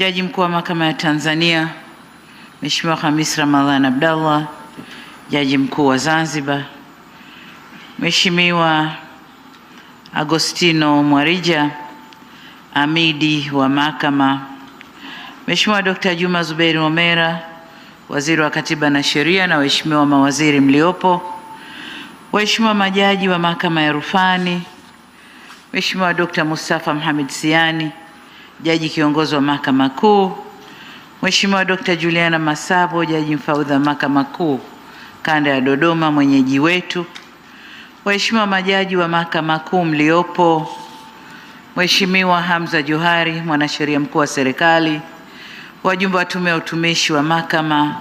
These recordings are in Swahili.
Jaji mkuu wa mahakama ya Tanzania Mheshimiwa Khamis Ramadhan Abdallah, jaji mkuu wa Zanzibar Mheshimiwa Agostino Mwarija, amidi wa mahakama, Mheshimiwa Dr. Juma Zuberi Omera, waziri wa katiba na sheria, na waheshimiwa mawaziri mliopo, waheshimiwa majaji wa mahakama ya rufani, Mheshimiwa Dr. Mustafa Mohamed Siani Jaji kiongozi wa Mahakama Kuu, Mheshimiwa Dr. Juliana Masabo, Jaji mfaudha wa Mahakama Kuu Kanda ya Dodoma, mwenyeji wetu, Waheshimiwa majaji wa Mahakama Kuu mliopo, Mheshimiwa Hamza Johari, mwanasheria mkuu wa serikali, wajumbe wa tume ya utumishi wa mahakama,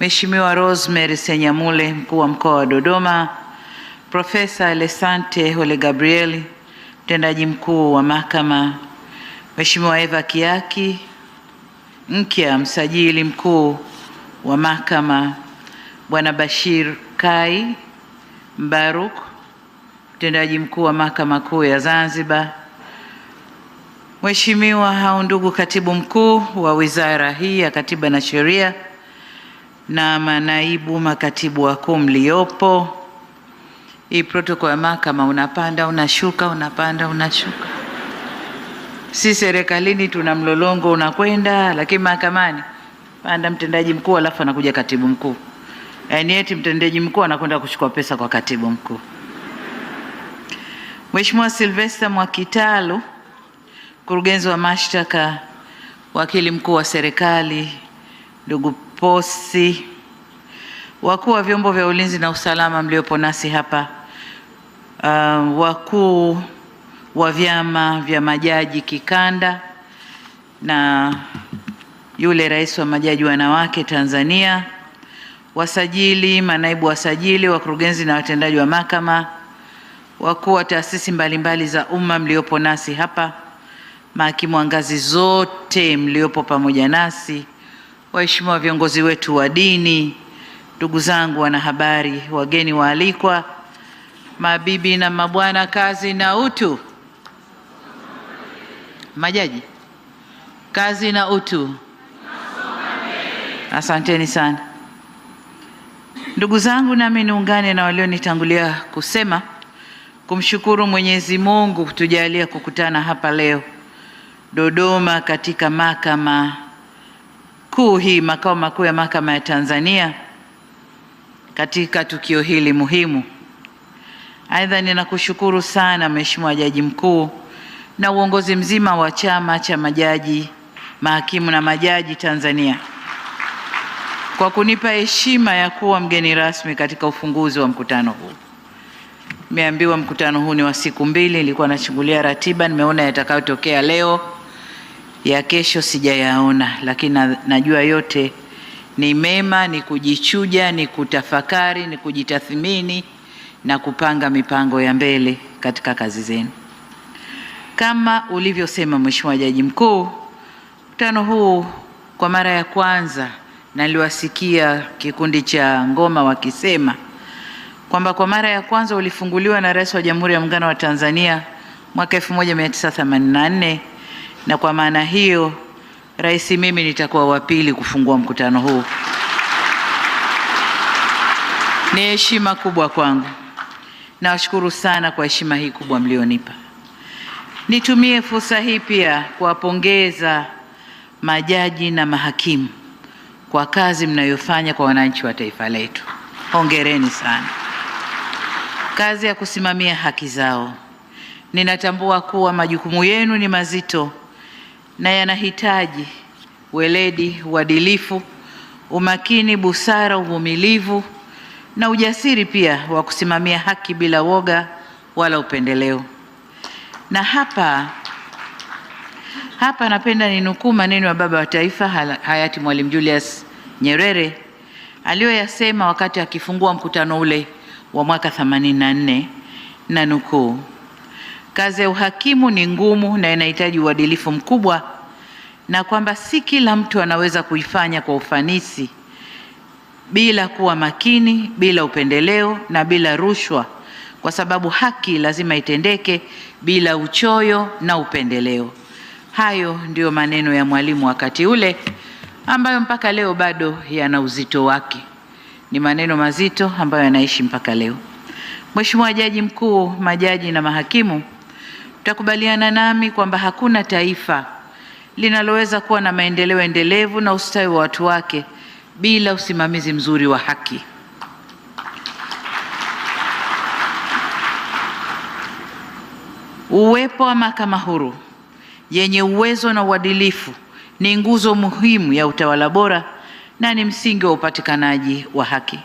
Mheshimiwa Rosemary Senyamule, mkuu wa mkoa wa Dodoma, Profesa Lesante Ole Gabrieli, mtendaji mkuu wa mahakama Mheshimiwa Eva Kiaki mkya msajili mkuu wa mahakama, Bwana Bashir Kai Mbaruk, mtendaji mkuu wa mahakama kuu ya Zanzibar, Mheshimiwa hao ndugu katibu mkuu wa wizara hii ya Katiba na Sheria na manaibu makatibu wakuu mliopo, hii protokoli ya mahakama unapanda unashuka, unapanda unashuka si serikalini tuna mlolongo unakwenda, lakini mahakamani panda mtendaji mkuu alafu anakuja katibu mkuu. Yaani eti mtendaji mkuu anakwenda kuchukua pesa kwa katibu mkuu. Mheshimiwa Sylvester Mwakitalu, mkurugenzi wa mashtaka, wakili mkuu wa serikali, ndugu Posi, wakuu wa vyombo vya ulinzi na usalama mliopo nasi hapa, uh, wakuu wa vyama vya majaji kikanda na yule rais wa majaji wanawake Tanzania, wasajili, manaibu wasajili, wakurugenzi na watendaji wa mahakama, wakuu wa taasisi mbalimbali za umma mliopo nasi hapa, mahakimu wa ngazi zote mliopo pamoja nasi, waheshimiwa viongozi wetu wa dini, ndugu zangu wanahabari, wageni waalikwa, mabibi na mabwana, kazi na utu. Majaji, kazi na utu. Asanteni sana ndugu zangu, nami niungane na walionitangulia kusema kumshukuru Mwenyezi Mungu kutujalia kukutana hapa leo Dodoma, katika mahakama kuu hii, makao makuu ya mahakama ya Tanzania, katika tukio hili muhimu. Aidha, ninakushukuru sana Mheshimiwa Jaji Mkuu na uongozi mzima wa chama cha majaji, mahakimu na majaji Tanzania kwa kunipa heshima ya kuwa mgeni rasmi katika ufunguzi wa mkutano huu. Nimeambiwa mkutano huu ni wa siku mbili, nilikuwa nachungulia ratiba, nimeona yatakayotokea leo, ya kesho sijayaona, lakini najua yote ni mema, ni kujichuja, ni kutafakari, ni kujitathmini na kupanga mipango ya mbele katika kazi zenu. Kama ulivyosema Mheshimiwa Jaji Mkuu, mkutano huu kwa mara ya kwanza naliwasikia kikundi cha Ngoma wakisema kwamba kwa mara ya kwanza ulifunguliwa na Rais wa Jamhuri ya Muungano wa Tanzania mwaka 1984 na kwa maana hiyo rais, mimi nitakuwa wa pili kufungua mkutano huu. Ni heshima kubwa kwangu. Nawashukuru sana kwa heshima hii kubwa mlionipa. Nitumie fursa hii pia kuwapongeza majaji na mahakimu kwa kazi mnayofanya kwa wananchi wa taifa letu. Hongereni sana. Kazi ya kusimamia haki zao, ninatambua kuwa majukumu yenu ni mazito na yanahitaji weledi, uadilifu, umakini, busara, uvumilivu na ujasiri pia wa kusimamia haki bila woga wala upendeleo. Na hapa hapa napenda ninukuu maneno ya baba wa taifa hayati Mwalimu Julius Nyerere aliyoyasema wakati akifungua mkutano ule wa mwaka 84 na nukuu, kazi ya uhakimu ni ngumu na inahitaji uadilifu mkubwa, na kwamba si kila mtu anaweza kuifanya kwa ufanisi bila kuwa makini, bila upendeleo na bila rushwa, kwa sababu haki lazima itendeke bila uchoyo na upendeleo. Hayo ndiyo maneno ya Mwalimu wakati ule ambayo mpaka leo bado yana uzito wake. Ni maneno mazito ambayo yanaishi mpaka leo. Mheshimiwa Jaji Mkuu, majaji na mahakimu, mtakubaliana nami kwamba hakuna taifa linaloweza kuwa na maendeleo endelevu na ustawi wa watu wake bila usimamizi mzuri wa haki. Uwepo wa mahakama huru yenye uwezo na uadilifu ni nguzo muhimu ya utawala bora na ni msingi wa upatikanaji wa haki.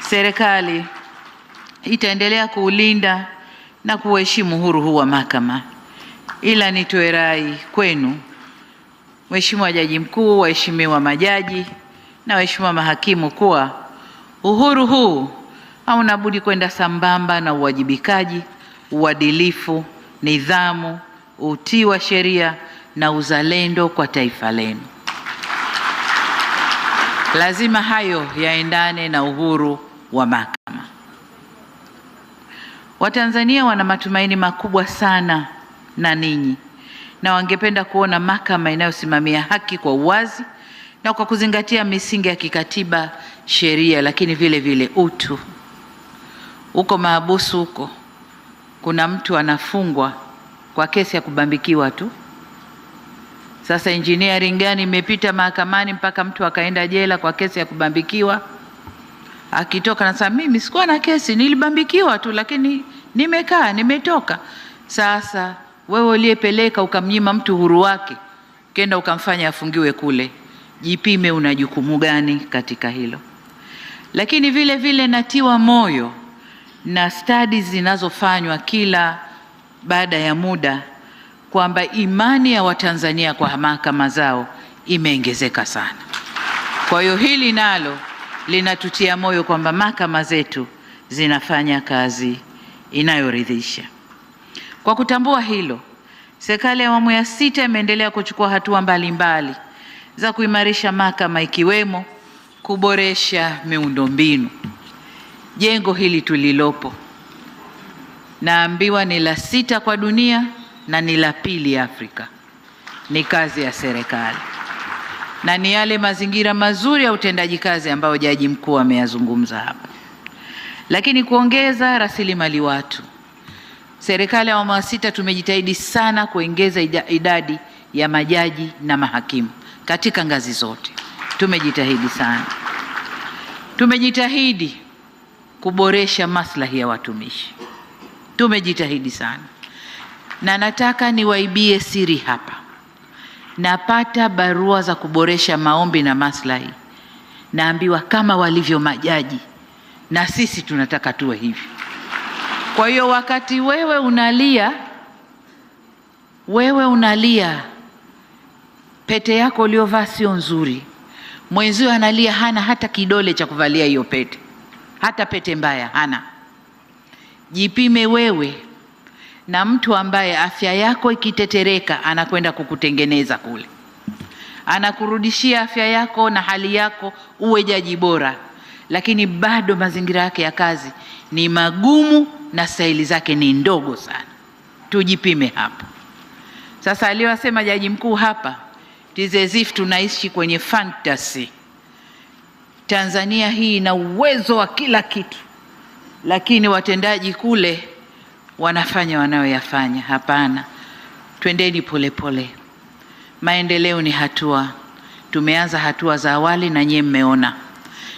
Serikali itaendelea kuulinda na kuheshimu uhuru huu wa mahakama, ila nitoe rai kwenu, Mheshimiwa Jaji Mkuu, waheshimiwa majaji na waheshimiwa mahakimu, kuwa uhuru huu hauna budi kwenda sambamba na uwajibikaji uadilifu, nidhamu, utii wa sheria na uzalendo kwa taifa lenu. Lazima hayo yaendane na uhuru wa mahakama. Watanzania wana matumaini makubwa sana na ninyi na wangependa kuona mahakama inayosimamia haki kwa uwazi na kwa kuzingatia misingi ya kikatiba, sheria, lakini vile vile utu. Uko mahabusu huko kuna mtu anafungwa kwa kesi ya kubambikiwa tu. Sasa engineering gani imepita mahakamani mpaka mtu akaenda jela kwa kesi ya kubambikiwa? Akitoka nasema mimi sikuwa na kesi, nilibambikiwa tu, lakini nimekaa nimetoka. Sasa wewe uliyepeleka ukamnyima mtu uhuru wake, kenda ukamfanya afungiwe kule, jipime, una jukumu gani katika hilo? Lakini vile vile natiwa moyo na stadi zinazofanywa kila baada ya muda kwamba imani ya Watanzania kwa mahakama zao imeongezeka sana. Kwa hiyo hili nalo linatutia moyo kwamba mahakama zetu zinafanya kazi inayoridhisha. Kwa kutambua hilo, serikali ya awamu ya sita imeendelea kuchukua hatua mbalimbali mbali za kuimarisha mahakama ikiwemo kuboresha miundombinu jengo hili tulilopo, naambiwa ni la sita kwa dunia na ni la pili Afrika. Ni kazi ya serikali na ni yale mazingira mazuri ya utendaji kazi ambayo jaji mkuu ameyazungumza hapa, lakini kuongeza rasilimali watu. Serikali ya awamu ya sita tumejitahidi sana kuongeza idadi ya majaji na mahakimu katika ngazi zote, tumejitahidi sana, tumejitahidi kuboresha maslahi ya watumishi. Tumejitahidi sana, na nataka niwaibie siri hapa, napata barua za kuboresha maombi na maslahi, naambiwa kama walivyo majaji, na sisi tunataka tuwe hivi. Kwa hiyo wakati wewe unalia, wewe unalia, pete yako uliovaa sio nzuri, mwenzio analia hana hata kidole cha kuvalia hiyo pete hata pete mbaya hana. Jipime wewe na mtu ambaye afya yako ikitetereka, anakwenda kukutengeneza kule, anakurudishia afya yako na hali yako, uwe jaji bora, lakini bado mazingira yake ya kazi ni magumu na stahili zake ni ndogo sana. Tujipime hapo. Sasa aliyosema jaji mkuu hapa, it is as if tunaishi kwenye fantasy. Tanzania hii ina uwezo wa kila kitu, lakini watendaji kule wanafanya wanayoyafanya. Hapana, twendeni polepole. Maendeleo ni hatua. Tumeanza hatua za awali na nyie mmeona,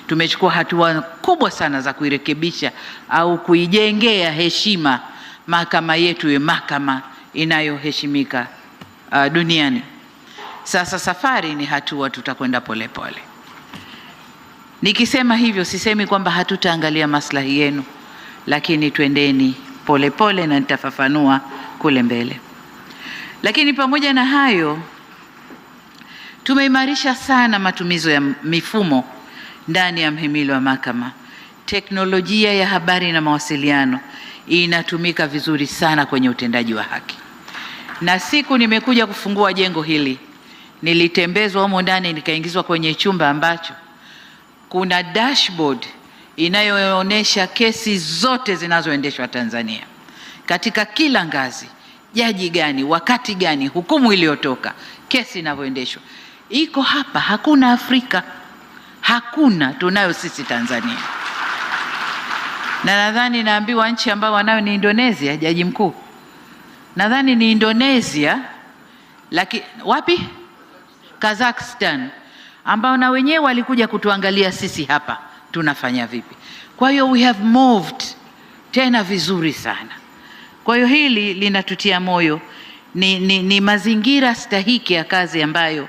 tumechukua hatua kubwa sana za kuirekebisha au kuijengea heshima mahakama yetu iwe mahakama inayoheshimika uh, duniani. Sasa safari ni hatua, tutakwenda polepole. Nikisema hivyo sisemi kwamba hatutaangalia maslahi yenu, lakini twendeni polepole na nitafafanua kule mbele. Lakini pamoja na hayo, tumeimarisha sana matumizo ya mifumo ndani ya mhimili wa mahakama. Teknolojia ya habari na mawasiliano inatumika vizuri sana kwenye utendaji wa haki, na siku nimekuja kufungua jengo hili nilitembezwa humo ndani, nikaingizwa kwenye chumba ambacho kuna dashboard inayoonyesha kesi zote zinazoendeshwa Tanzania katika kila ngazi, jaji gani, wakati gani, hukumu iliyotoka, kesi inavyoendeshwa iko hapa. Hakuna Afrika, hakuna tunayo sisi Tanzania. Na nadhani naambiwa nchi ambayo wanayo ni Indonesia, jaji mkuu nadhani ni Indonesia, lakini wapi? Kazakhstan ambao na wenyewe walikuja kutuangalia sisi hapa tunafanya vipi. Kwa hiyo we have moved tena vizuri sana. Kwa hiyo hili linatutia moyo, ni, ni, ni mazingira stahiki ya kazi ambayo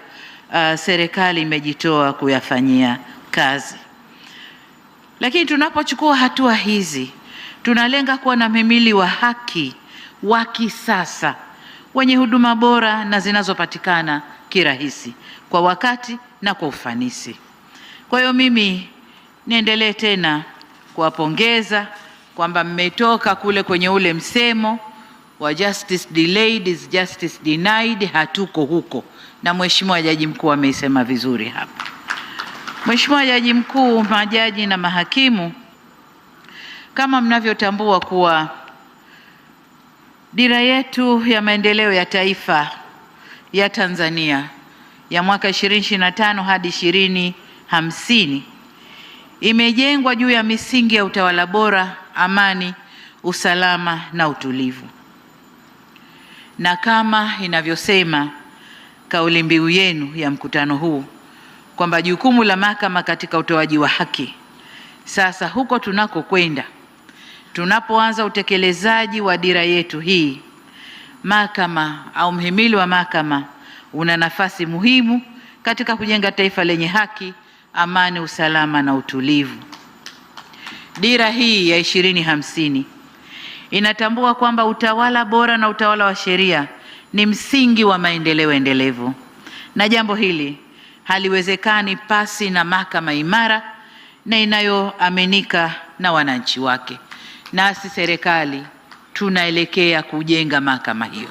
uh, serikali imejitoa kuyafanyia kazi. Lakini tunapochukua hatua hizi tunalenga kuwa na mhimili wa haki wa kisasa wenye huduma bora na zinazopatikana kirahisi kwa wakati na kwa ufanisi. Kwa hiyo mimi niendelee tena kuwapongeza kwamba mmetoka kule kwenye ule msemo wa justice delayed is justice denied. Hatuko huko, na Mheshimiwa Jaji Mkuu ameisema vizuri hapa. Mheshimiwa Jaji Mkuu, majaji na mahakimu, kama mnavyotambua kuwa dira yetu ya maendeleo ya taifa ya Tanzania ya mwaka 2025 hadi 2050 imejengwa juu ya misingi ya utawala bora, amani, usalama na utulivu. Na kama inavyosema kauli mbiu yenu ya mkutano huu kwamba jukumu la mahakama katika utoaji wa haki. Sasa huko tunakokwenda, tunapoanza utekelezaji wa dira yetu hii mahakama au mhimili wa mahakama una nafasi muhimu katika kujenga taifa lenye haki, amani, usalama na utulivu. Dira hii ya ishirini hamsini inatambua kwamba utawala bora na utawala wa sheria ni msingi wa maendeleo endelevu, na jambo hili haliwezekani pasi na mahakama imara na inayoaminika na wananchi wake. Nasi serikali tunaelekea kujenga mahakama hiyo.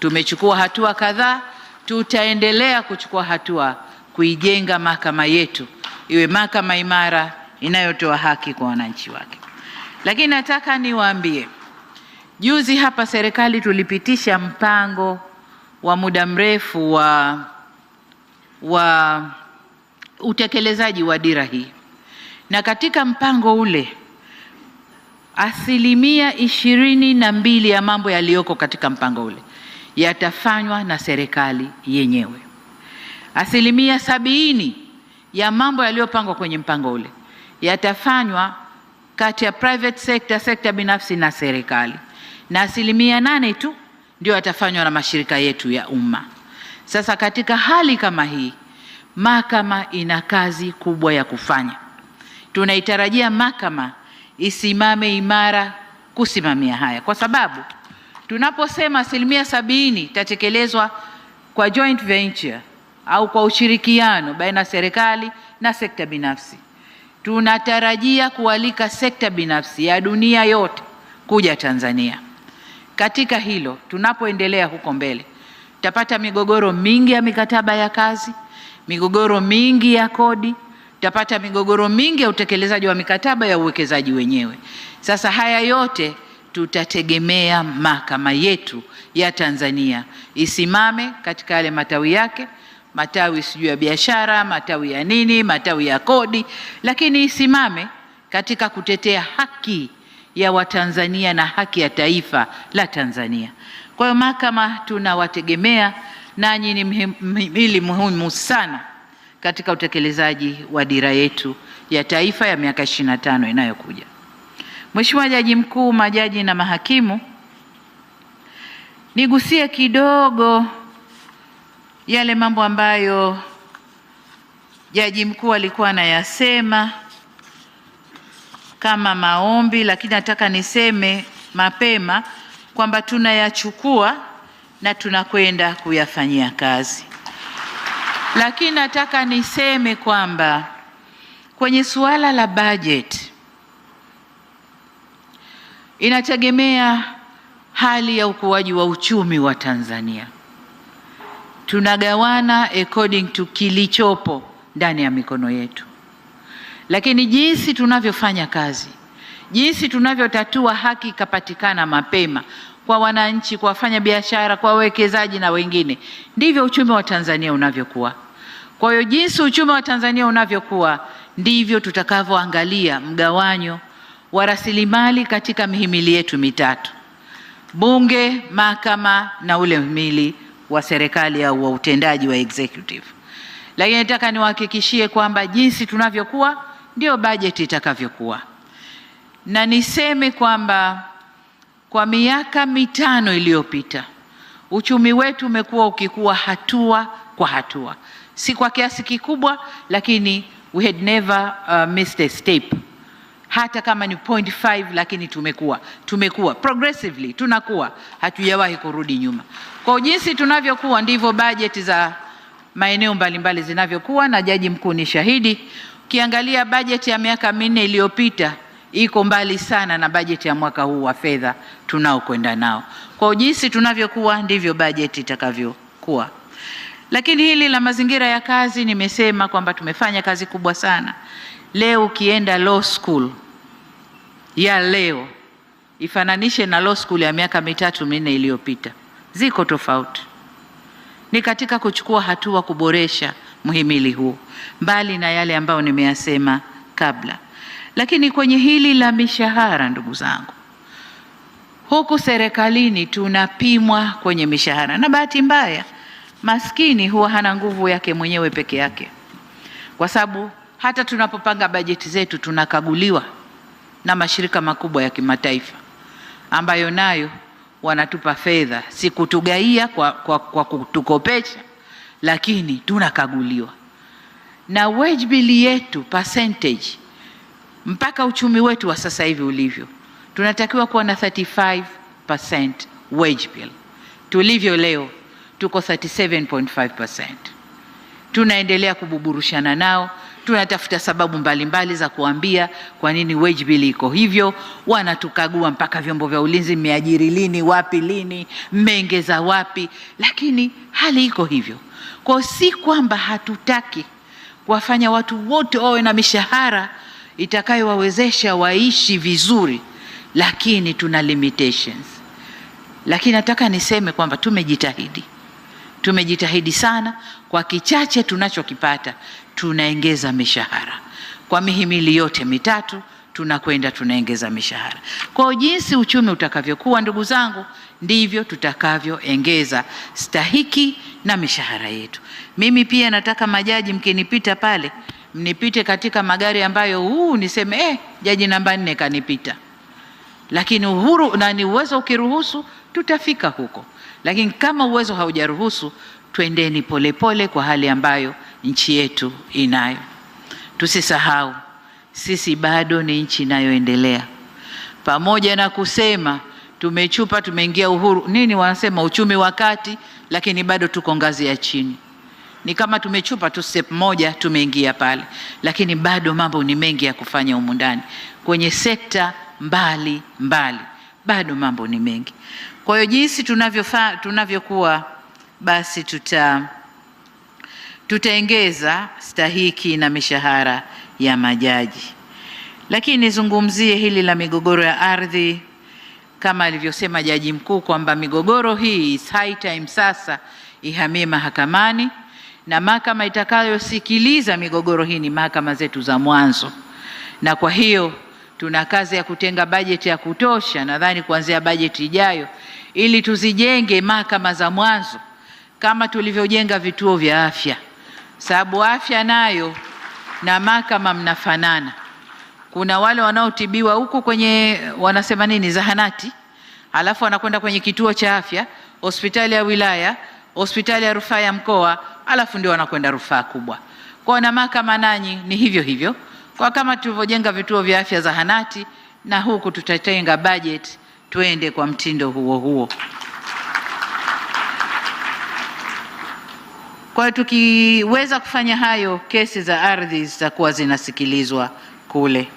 Tumechukua hatua kadhaa, tutaendelea kuchukua hatua kuijenga mahakama yetu iwe mahakama imara inayotoa haki kwa wananchi wake. Lakini nataka niwaambie, juzi hapa serikali tulipitisha mpango wa muda mrefu wa wa utekelezaji wa dira hii, na katika mpango ule asilimia ishirini na mbili ya mambo yaliyoko katika mpango ule yatafanywa na serikali yenyewe. Asilimia sabini ya mambo yaliyopangwa kwenye mpango ule yatafanywa kati ya private sector, sekta binafsi na serikali, na asilimia nane tu ndio yatafanywa na mashirika yetu ya umma. Sasa katika hali kama hii, mahakama ina kazi kubwa ya kufanya. Tunaitarajia mahakama isimame imara kusimamia haya, kwa sababu tunaposema asilimia sabini itatekelezwa kwa joint venture au kwa ushirikiano baina ya serikali na sekta binafsi, tunatarajia kualika sekta binafsi ya dunia yote kuja Tanzania. Katika hilo, tunapoendelea huko mbele, tutapata migogoro mingi ya mikataba ya kazi, migogoro mingi ya kodi tutapata migogoro mingi ya utekelezaji wa mikataba ya uwekezaji wenyewe. Sasa haya yote tutategemea mahakama yetu ya Tanzania isimame katika yale matawi yake, matawi sijui ya biashara, matawi ya nini, matawi ya kodi, lakini isimame katika kutetea haki ya Watanzania na haki ya taifa la Tanzania. Kwa hiyo mahakama tunawategemea, nanyi ni mhimili muhimu sana katika utekelezaji wa dira yetu ya taifa ya miaka 25 inayokuja. Mheshimiwa Jaji Mkuu, majaji na mahakimu, nigusie kidogo yale mambo ambayo Jaji Mkuu alikuwa anayasema kama maombi, lakini nataka niseme mapema kwamba tunayachukua na tunakwenda kuyafanyia kazi. Lakini nataka niseme kwamba kwenye suala la bajeti inategemea hali ya ukuaji wa uchumi wa Tanzania. Tunagawana according to kilichopo ndani ya mikono yetu, lakini jinsi tunavyofanya kazi, jinsi tunavyotatua haki ikapatikana mapema kwa wananchi, kwa wafanyabiashara, kwa wawekezaji na wengine, ndivyo uchumi wa Tanzania unavyokuwa. Kwa hiyo jinsi uchumi wa Tanzania unavyokuwa ndivyo tutakavyoangalia mgawanyo wa rasilimali katika mihimili yetu mitatu: Bunge, Mahakama na ule mhimili wa serikali au wa utendaji wa executive. Lakini nataka niwahakikishie kwamba jinsi tunavyokuwa ndio bajeti itakavyokuwa, na niseme kwamba kwa miaka mitano iliyopita uchumi wetu umekuwa ukikua hatua kwa hatua si kwa kiasi kikubwa, lakini we had never uh, missed a step hata kama ni 0.5 lakini tumekuwa tumekuwa progressively tunakuwa, hatujawahi kurudi nyuma. Kwa jinsi tunavyokuwa ndivyo bajeti za maeneo mbalimbali zinavyokuwa, na Jaji Mkuu ni shahidi. Ukiangalia bajeti ya miaka minne iliyopita iko mbali sana na bajeti ya mwaka huu wa fedha tunaokwenda nao. Kwa jinsi tunavyokuwa ndivyo bajeti itakavyokuwa. Lakini hili la mazingira ya kazi nimesema kwamba tumefanya kazi kubwa sana. Leo ukienda law school ya leo ifananishe na law school ya miaka mitatu minne iliyopita, ziko tofauti. Ni katika kuchukua hatua kuboresha muhimili huu, mbali na yale ambayo nimeyasema kabla. Lakini kwenye hili la mishahara, ndugu zangu, huku serikalini tunapimwa kwenye mishahara, na bahati mbaya Maskini huwa hana nguvu yake mwenyewe peke yake, kwa sababu hata tunapopanga bajeti zetu tunakaguliwa na mashirika makubwa ya kimataifa ambayo nayo wanatupa fedha, si kutugaia kwa, kwa, kwa kutukopesha, lakini tunakaguliwa na wage bill yetu percentage mpaka uchumi wetu wa sasa hivi ulivyo, tunatakiwa kuwa na 35% wage bill. Tulivyo leo tuko 37.5%. Tunaendelea kububurushana nao, tunatafuta sababu mbalimbali za kuambia kwa nini wage bill iko hivyo. Wanatukagua mpaka vyombo vya ulinzi, mmeajiri lini, wapi, lini, mmeongeza wapi, lakini hali iko hivyo. Kwa si kwamba hatutaki kuwafanya watu wote wawe na mishahara itakayowawezesha waishi vizuri, lakini tuna limitations. Lakini nataka niseme kwamba tumejitahidi Tumejitahidi sana, kwa kichache tunachokipata tunaongeza mishahara kwa mihimili yote mitatu, tunakwenda tunaongeza mishahara. Kwa jinsi uchumi utakavyokuwa, ndugu zangu, ndivyo tutakavyoongeza stahiki na mishahara yetu. Mimi pia nataka majaji, mkinipita pale, mnipite katika magari ambayo huu niseme eh, jaji namba nne kanipita, lakini uhuru na ni uwezo ukiruhusu tutafika huko lakini kama uwezo haujaruhusu, twendeni polepole kwa hali ambayo nchi yetu inayo. Tusisahau sisi bado ni nchi inayoendelea, pamoja na kusema tumechupa, tumeingia uhuru nini, wanasema uchumi wa kati, lakini bado tuko ngazi ya chini. Ni kama tumechupa tu step moja, tumeingia pale, lakini bado mambo ni mengi ya kufanya humu ndani kwenye sekta mbali mbali, bado mambo ni mengi. Kwa hiyo jinsi tunavyofaa tunavyokuwa basi tuta tutaongeza stahiki na mishahara ya majaji. Lakini nizungumzie hili la migogoro ya ardhi kama alivyosema Jaji Mkuu kwamba migogoro hii is high time sasa ihamie mahakamani na mahakama itakayosikiliza migogoro hii ni mahakama zetu za mwanzo, na kwa hiyo tuna kazi ya kutenga bajeti ya kutosha, nadhani kuanzia bajeti ijayo, ili tuzijenge mahakama za mwanzo kama tulivyojenga vituo vya afya, sababu afya nayo na mahakama mnafanana. Kuna wale wanaotibiwa huko kwenye wanasema nini, zahanati, alafu wanakwenda kwenye kituo cha afya, hospitali ya wilaya, hospitali ya rufaa ya mkoa, alafu ndio wanakwenda rufaa kubwa kwao. Na mahakama nanyi ni hivyo hivyo kwa kama tulivyojenga vituo vya afya zahanati, na huku tutatenga budget tuende kwa mtindo huo huo. Kwa tukiweza kufanya hayo, kesi za ardhi zitakuwa zinasikilizwa kule.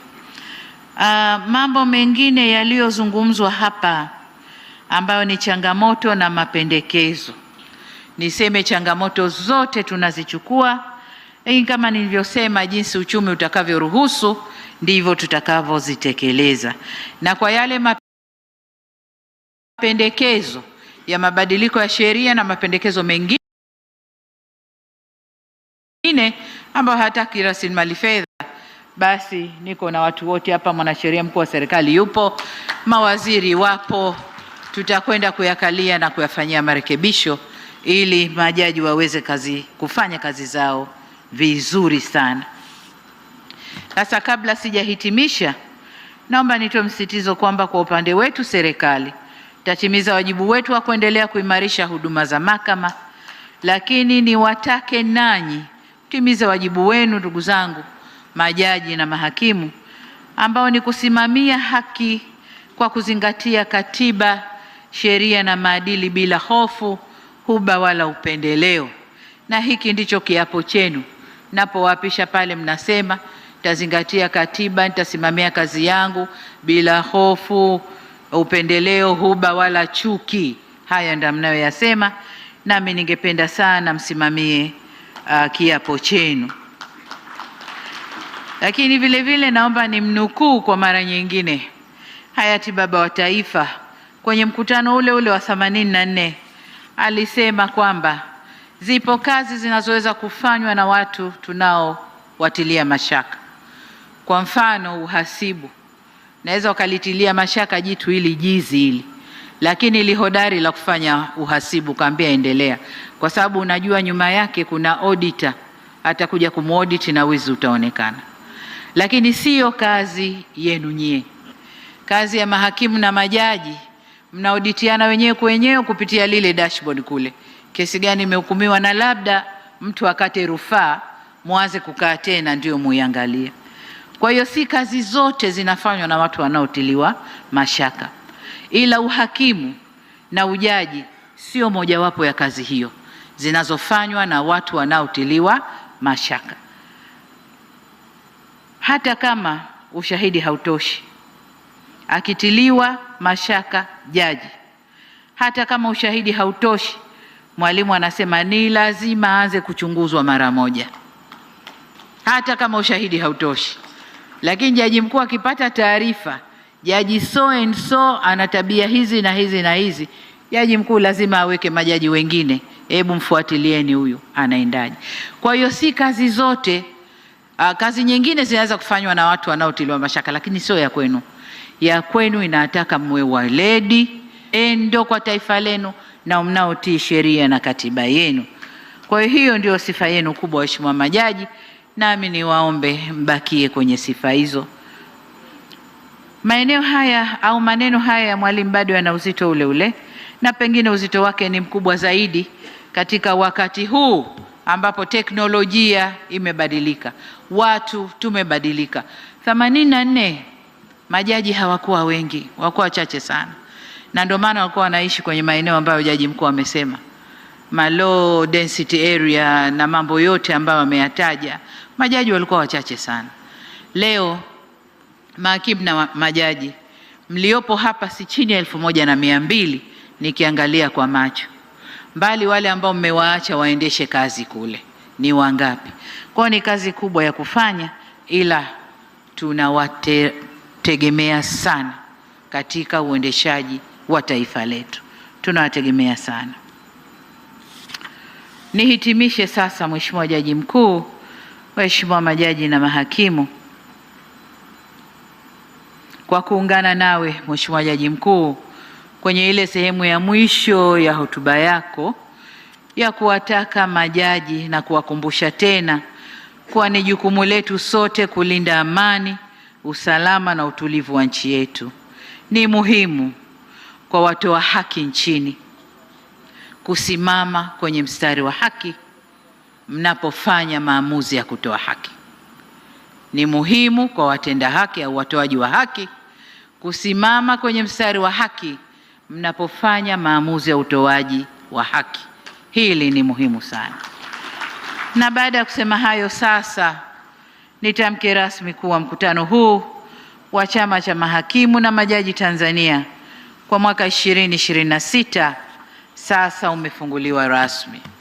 Uh, mambo mengine yaliyozungumzwa hapa ambayo ni changamoto na mapendekezo, niseme changamoto zote tunazichukua lakini kama nilivyosema, jinsi uchumi utakavyoruhusu ndivyo tutakavyozitekeleza, na kwa yale mapendekezo ya mabadiliko ya sheria na mapendekezo mengine ambayo hata rasilimali fedha, basi niko na watu wote hapa. Mwanasheria mkuu wa serikali yupo, mawaziri wapo, tutakwenda kuyakalia na kuyafanyia marekebisho ili majaji waweze kazi, kufanya kazi zao vizuri sana. Sasa, kabla sijahitimisha, naomba nitoe msisitizo kwamba kwa upande wetu serikali tatimiza wajibu wetu wa kuendelea kuimarisha huduma za mahakama, lakini niwatake nanyi mtimize wajibu wenu, ndugu zangu majaji na mahakimu, ambao ni kusimamia haki kwa kuzingatia katiba, sheria na maadili bila hofu, huba wala upendeleo. Na hiki ndicho kiapo chenu napowapisha pale mnasema nitazingatia katiba, nitasimamia kazi yangu bila hofu, upendeleo, huba wala chuki. Haya ndio mnayoyasema, nami ningependa sana msimamie uh, kiapo chenu. Lakini vile vile naomba nimnukuu kwa mara nyingine hayati baba wa taifa kwenye mkutano ule ule wa 84 alisema kwamba Zipo kazi zinazoweza kufanywa na watu tunaowatilia mashaka. Kwa mfano, uhasibu, naweza ukalitilia mashaka jitu hili jizi hili, lakini lihodari la kufanya uhasibu, kaambia endelea, kwa sababu unajua nyuma yake kuna auditor atakuja kumuaudit na wizi utaonekana. Lakini siyo kazi yenu nyie, kazi ya mahakimu na majaji, mnaoditiana wenyewe kwa wenyewe kupitia lile dashboard kule kesi gani imehukumiwa, na labda mtu akate rufaa, mwanze kukaa tena ndio muiangalie. Kwa hiyo si kazi zote zinafanywa na watu wanaotiliwa mashaka, ila uhakimu na ujaji sio mojawapo ya kazi hiyo zinazofanywa na watu wanaotiliwa mashaka. Hata kama ushahidi hautoshi, akitiliwa mashaka jaji, hata kama ushahidi hautoshi mwalimu anasema ni lazima aanze kuchunguzwa mara moja, hata kama ushahidi hautoshi. Lakini jaji mkuu akipata taarifa, jaji so and so ana tabia hizi na hizi na hizi, jaji mkuu lazima aweke majaji wengine, hebu mfuatilieni huyu anaendaje. Kwa hiyo si kazi zote Uh, kazi nyingine zinaweza kufanywa na watu wanaotiliwa mashaka, lakini sio ya kwenu. Ya kwenu inataka mwe waledi endo kwa taifa lenu na mnaotii sheria na katiba yenu. Kwa hiyo ndio sifa yenu kubwa, waheshimiwa majaji, nami niwaombe mbakie kwenye sifa hizo. Maeneo haya au maneno haya ya Mwalimu bado yana uzito ule ule, na pengine uzito wake ni mkubwa zaidi katika wakati huu ambapo teknolojia imebadilika, watu tumebadilika. 84 majaji hawakuwa wengi, wakuwa wachache sana na ndio maana walikuwa wanaishi kwenye maeneo ambayo jaji mkuu amesema malo density area na mambo yote ambayo ameyataja, majaji walikuwa wachache sana. Leo mahakimu na majaji mliopo hapa si chini ya elfu moja na mia mbili nikiangalia kwa macho, mbali wale ambao mmewaacha waendeshe kazi kule ni wangapi? Kwao ni kazi kubwa ya kufanya, ila tunawategemea sana katika uendeshaji wa taifa letu. Tunawategemea sana. Nihitimishe sasa, Mheshimiwa Jaji Mkuu, Waheshimiwa majaji na mahakimu, kwa kuungana nawe Mheshimiwa Jaji Mkuu kwenye ile sehemu ya mwisho ya hotuba yako ya kuwataka majaji na kuwakumbusha tena kuwa ni jukumu letu sote kulinda amani, usalama na utulivu wa nchi yetu. Ni muhimu kwa watoa wa haki nchini kusimama kwenye mstari wa haki mnapofanya maamuzi ya kutoa haki. Ni muhimu kwa watenda haki au watoaji wa haki kusimama kwenye mstari wa haki mnapofanya maamuzi ya utoaji wa haki. Hili ni muhimu sana. Na baada ya kusema hayo, sasa nitamke rasmi kuwa mkutano huu wa Chama cha Mahakimu na Majaji Tanzania kwa mwaka 2026 sasa umefunguliwa rasmi.